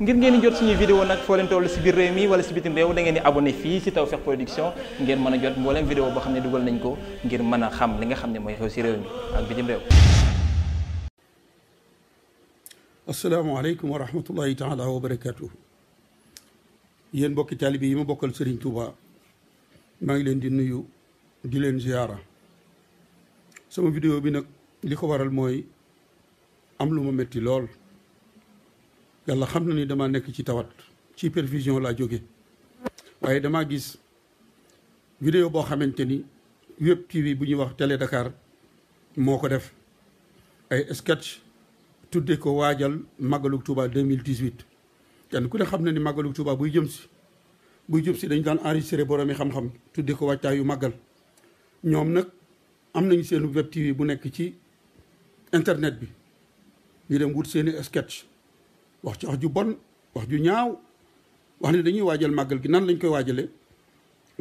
ngir ngeen di jot suñuy vidéo nag foo leen toll si biir réew mi wala si bitim réew da ngeen di abonné fii si Tawfekh Production ngeen mën a jot mbooleem vidéo boo xam ne dugal nañ ko ngir mën a xam li nga xam ne mooy xew si réew mi ak bitim réew asalaamaaleykum wa rahmatullahi taala wa barakatuh yéen yi ma bokkal Serigne Touba maa ngi leen di nuyu di leen ziyaara sama vidéo bi nag li ko waral mooy am lu ma metti lool yàlla xam na ni dama nekk ci tawat ci perfusion laa jóge waaye damaa gis vidéo boo xamante ni web tv bu ñuy wax télé Dakar moo ko def ay sketch tudde ko waajal màggalu Touba 2018 kenn ku ne xam na ni màggalu Touba buy jëm si buy jëm si dañu daan enregistré boroomi xam-xam tudde ko waajtaayu màggal ñoom nag am nañu seen web tv bu nekk ci internet bi ñu dem wut seeni sketch wax ci wax ju bon wax ju ñaaw wax ni dañuy waajal màggal gi nan lañ koy waajale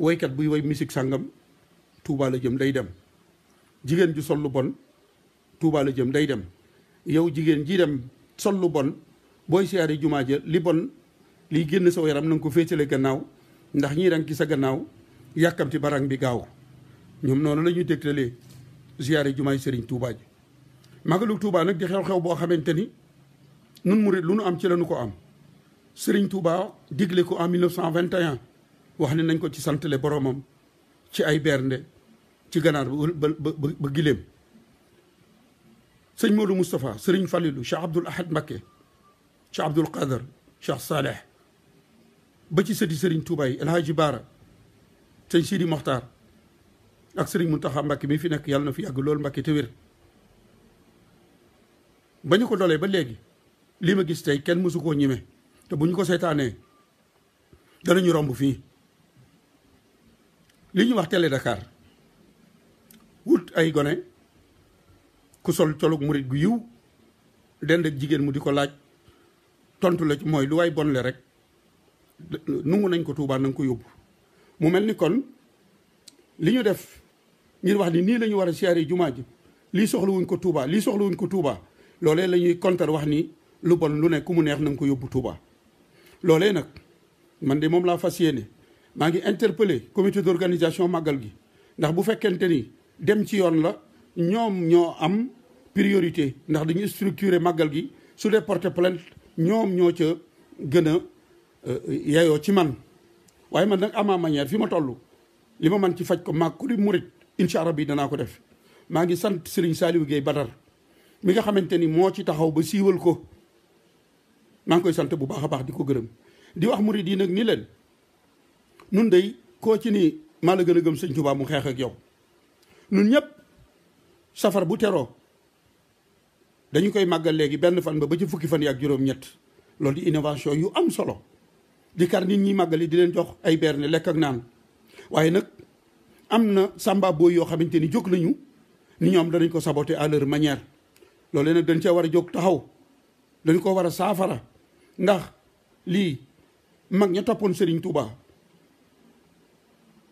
woykat buy woy musique sàngam tuubaal la jëm day dem jigéen ju sol lu bon tuubaal la jëm day dem yow jigéen ji dem sol lu bon booy siyaare jumaa ja li bon liy génn sa yaram na nga ko féetale gannaaw ndax ñii rang ki sa gannaaw yàkkamti barang bi gaaw ñoom noonu la ñuy dégtalee siyaare jumaay Serigne Touba ji màggalu tuubaa nag di xew-xew boo xamante ni nun murit lu nu am ci la nu ko am sëriñ Touba digle ko en 1921 wax ne nañ ko ci santale boromam ci ay bernde ci ganaar ba ba sëñ Modou Moustapha sëriñ Falilou Cheikh Abdoul Ahad Mbacké Cheikh Abdoul Qadir Cheikh Saleh ba ci sëti Serigne Touba yi El Hadji Bara sëñ Sidi Mokhtar ak Serigne Mountakha Mbacké mi fi nekk yàlla na fi yàgg loolu Mbacké te wér ba ñu ko dolee ba léegi lii ma gis tey kenn mësu koo ñime te bu ñu ko seetaanee danañu romb fii li ñu wax Télé Dakar wut ay gone ku sol colug murit gu yiw dend jigéen mu di ko laaj tontu la mooy lu waay bon le rek nungu nañ ko Tuubaa na ko yóbbu mu mel ni kon li ñu def ngir wax ni nii la ñu war a siyaare jumaa ji lii soxlawuñ ko Tuubaa lii soxlawuñ ko Tuubaa loolee la ñuy kontar wax ni lu bon lu ne ku mu neex na ko yóbbu Touba. loolee nag man de moom laa fas yéene maa ngi interpellé comité d'organisation màggal gi ndax bu fekkente ni dem ci yoon la ñoom ñoo am priorité ndax dañuy structuré màggal gi su dee porté plainte ñoom ñoo ca gën a euh, yeyoo ci man waaye man nag amaa manière fi ma toll li ma man ci faj ko maag ku di murit incha bi danaa ko def maa ngi sant Serigne Saliou Gueye Badar mi nga xamante ni moo ci taxaw ba siiwal ko maa ngi koy sant bu baax a baax di ko gërëm di wax murid dii nag ni leen nun day koo ci ni maa la gën a gëm sëñ Tuubaa mu xeex ak yow nun ñëpp safar bu teroo dañu koy màggal léegi benn fan ba ba ci fukki fan yi ak juróom-ñett loolu di innovation yu am solo di kar nit ñi màggali di leen jox ay berne lekk ak naan waaye nag am na sàmba booy yoo xamante ni jóg nañu ni ñoom danañ ko saboter à leur manière loolu nag dañ cee war a jóg taxaw dañ ko war a saafara ndax lii mag ña toppoon Serigne Touba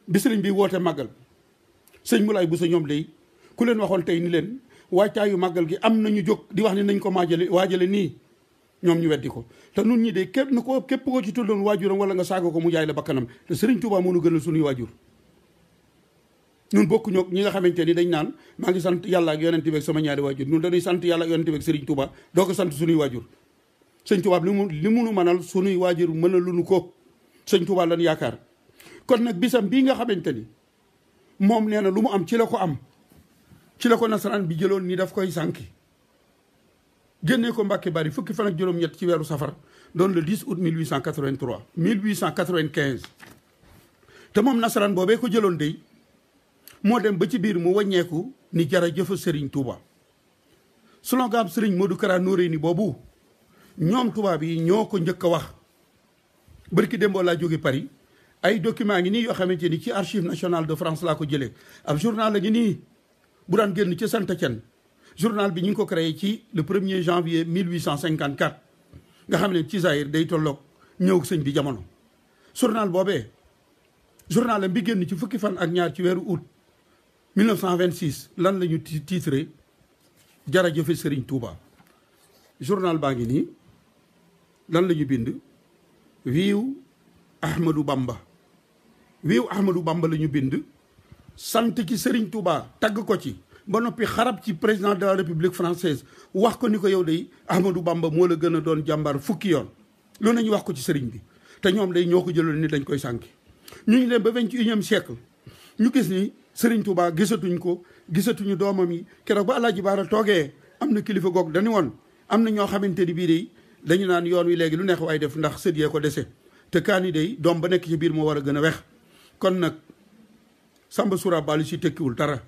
bi Serigne bi woote màggal sëñ Moulay Bousso ñoom day ku leen waxoon tey ni leen waajtaayu màggal gi am na ñu jóg di wax ne nañ ko maajale waajale nii ñoom ñu weddi ko te nun ñi de képp ko képp ko ci tuddoon waajuram wala nga saaga ko mu jaay la bakkanam te Serigne Touba moo nu gënal suñuy waajur ñun bokk ñoo ñi nga xamante ni dañ naan maa ngi sant yàlla ak yonente bi ak sama ñaari waajur ñun dañuy sant yàlla ak yonente bi ak doo ko sant suñuy waajur sëñ Tuubaa li mu li munu mënal sunuy waajur mënaluñu ko sëñ Tuubaa lan yaakaar kon nag bisam bii nga xamante ni moom nee na lu mu am ci la ko am ci la ko nasaraan bi jëloon ni daf koy sànki génnee ko Mbàkke Bari fukki fan ak juróom-ñett ci weeru safar doon le 10 août 1883 1895 te moom nasaraan boobee ko jëloon dey moo dem ba ci biir mu wàññeeku ni jara jërëjëf Serigne Touba slogan Serigne Modou Kara Noreyni boobu ñoom tubaab yi ñoo ko njëkk a wax bërki démboo laa jóge Paris ay document ngi nii yoo xamante ni ci archive nationale de France laa ko jëlee ab journal la ngi nii bu daan génn ci Saint-Étienne journal bi ñu ngi ko créé ci le premier janvier 1854 nga xam ne ci Zaïre day tolloog ñëw sëñ bi jamono journal boobee journalam bi génn ci fukki fan ak ñaar ci weeru août 1926 lan la ñu titré jërëjëfe Serigne Touba journal baa ngi nii lan la ñu bind wiiw Ahmadou Bamba wiiw Ahmadou Bamba la ñu bind sant ci sëriñ Touba tagg ko ci ba noppi xarab ci président de la république française wax ko ni ko yow day Ahmadou Bamba moo la gën a doon jàmbar fukki yoon lu nañu wax ko ci sëriñ bi te ñoom day ñoo ko jëloon ni dañ koy sànki ñu ngi dem ba vingt et unième siècle ñu gis ni sëriñ Touba gisatuñ ko gisatuñu doomam yi keroog ba Alaaji a toogee am na kilifa goog dañu woon am na ñoo xamante ni bii day dañu naan yoon wi léegi lu neex waay def ndax sët yee ko dese te kaani dey doom ba nekk ci biir moo war a gën a wex kon nag Samba Sourabali ci tekkiwul dara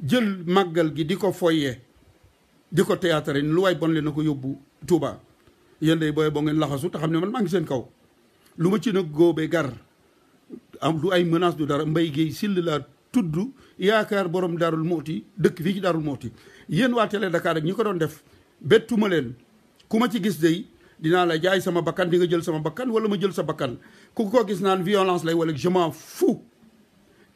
jël màggal gi di ko foye di ko théâtre lu waay bon leen na ko yóbbu Touba yéen day booyee boo ngeen laxasu te xam ne man maa ngi seen kaw lu ma ci nag góobee gar am du ay menace du dara mbay géey sill laa tudd yaakaar borom daarul mooti dëkk fii ci daarul mooti yéen waa Télé Dakar ñi ko doon def bettuma leen ku ma ci gis day dinaa lay jaay sama bakkan di nga jël sama bakkan wala ma jël sa bakkan ku ko gis naan violence lay wala je m'en fous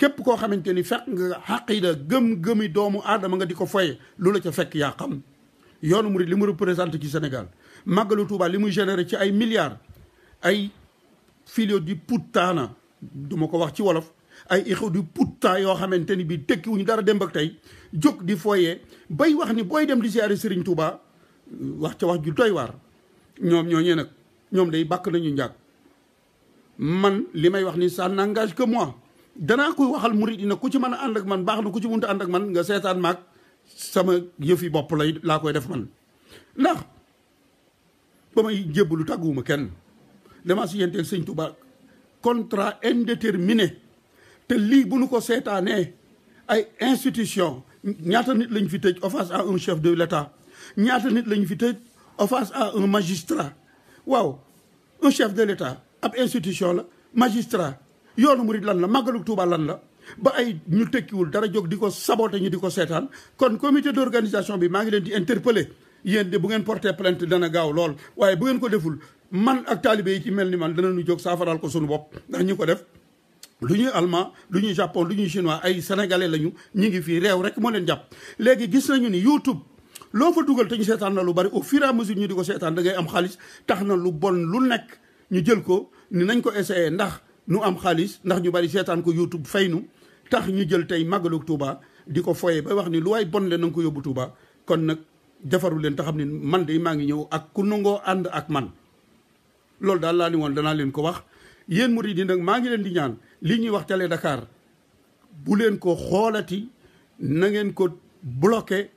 képp koo xamante ni fekk nga xaqida gëm-gëmi doomu aadama nga di ko foye lu la ca fekk yaa xam yoonu murid li mu représenté ci Sénégal màggalu Tuuba li muy généré ci ay milliards ay filio di puttaana du ma ko wax ci wolof ay ixu di putta yoo xamante ni bi tekkiwuñu dara démb ak tey jóg di foye bay wax ni booy dem di siyaare Sëriñ wax ca wax ju doy waar ñoom ñooñee nag ñoom day bàkk nañu njàgg man li may wax ni ça n'engage que moi danaa koy waxal murid yi nag ku ci mën a ànd ak man baax na ku ci mënta ànd ak man nga seetaan maag sama yëf yi bopp lay laa koy def man ndax ba may jébbalu tàgguwuma kenn dama si yenteeg sëñ Tuubaa contrat indéterminé te lii bu nu ko seetaanee ay institution ñaata nit lañ fi tëj offense à un chef de l'État ñaata nit lañu fi tëj offense à waaw un chef de l'État ab institution la magistra yoonu murid lan la màggalu Tuuba lan la ba ay ñu tekkiwul dara jóg di ko saboté ñu di ko seetaan kon comité d'organisation bi maa ngi leen di interpeller yéen de bu ngeen porté plainte dana gaaw lool waaye bu ngeen ko deful man ak taalibe yi ci mel ni man danañu jóg saafaraal ko sunu bopp ndax ñu ko def lu ñuy allemand lu ñuy japon lu ñuy chinois ay sénégalais lañu ñu ngi fii réew rek moo jàpp léegi gis nañu ni YouTube loo fa dugal te ñu seetaan na lu bari au fur et à ñu di ko seetaan da am xaalis tax na lu bon lu nekk ñu jël ko ni nañ ko essayé ndax nu am xaalis ndax ñu bari seetaan ko YouTube fay nu tax ñu jël tey màggalu Touba di ko foyee ba wax ni lu waay bon leen na ko yóbbu Touba kon nag jafaru leen te xam ne man de maa ngi ñëw ak ku nangoo ànd ak man loolu daal laa ni woon danaa leen ko wax yéen murid yi nag maa ngi leen di ñaan li ñuy wax Télé Dakar bu leen ko xoolati na ngeen ko bloqué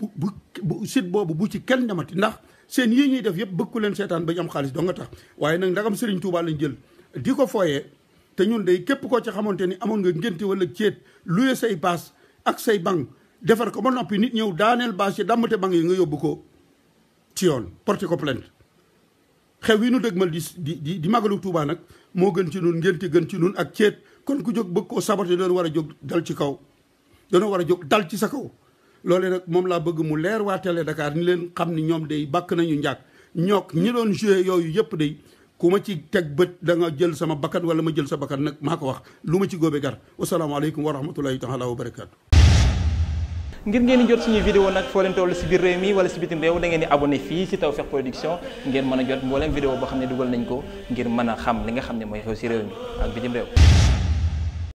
bu bu site boobu bu ci kenn demati ndax seen yii ñuy def yëpp bëggu leen seetaan ba ñu am xaalis doo nga tax waaye nag ndagam Serigne Touba lañ jël di ko fooyee te ñun day képp koo ci xamante ni amoon nga ngénte wala ceet luye say baas ak say bank defar ko ba noppi nit ñëw daaneel baas yi dammate bank yi nga yóbbu ko ci yoon porté ko plainte xew yi nu dëgmal di di di magalu Touba nag moo gën ci nun ngénte gën ci nun ak ceet kon ku jóg bëgg koo saboté doon war a jóg dal ci kaw doon war a jóg dal ci sa kaw loole nag moom laa bëgg mu leer waa Télé Dakar ni leen xam ni ñoom day bàkk nañu njàkk ñook ñi doon joué yooyu yëpp day ku ma ci teg bët da nga jël sama bakkan wala ma jël sa bakkan nag maa ko wax lu ma ci góobe gar wasalaamaaleykum wa rahmatulahi taala wa barakaatu. ngir ngeen di jot suñuy vidéo nag leen toll si biir réew mi wala si bitim réew da ngeen di abonné fii si Tawfekh Production ngeen mën a jot mbooleem vidéo boo xam ne dugal nañ ko ngir mën a xam li nga xam ne mooy xew si réew mi ak bitim réew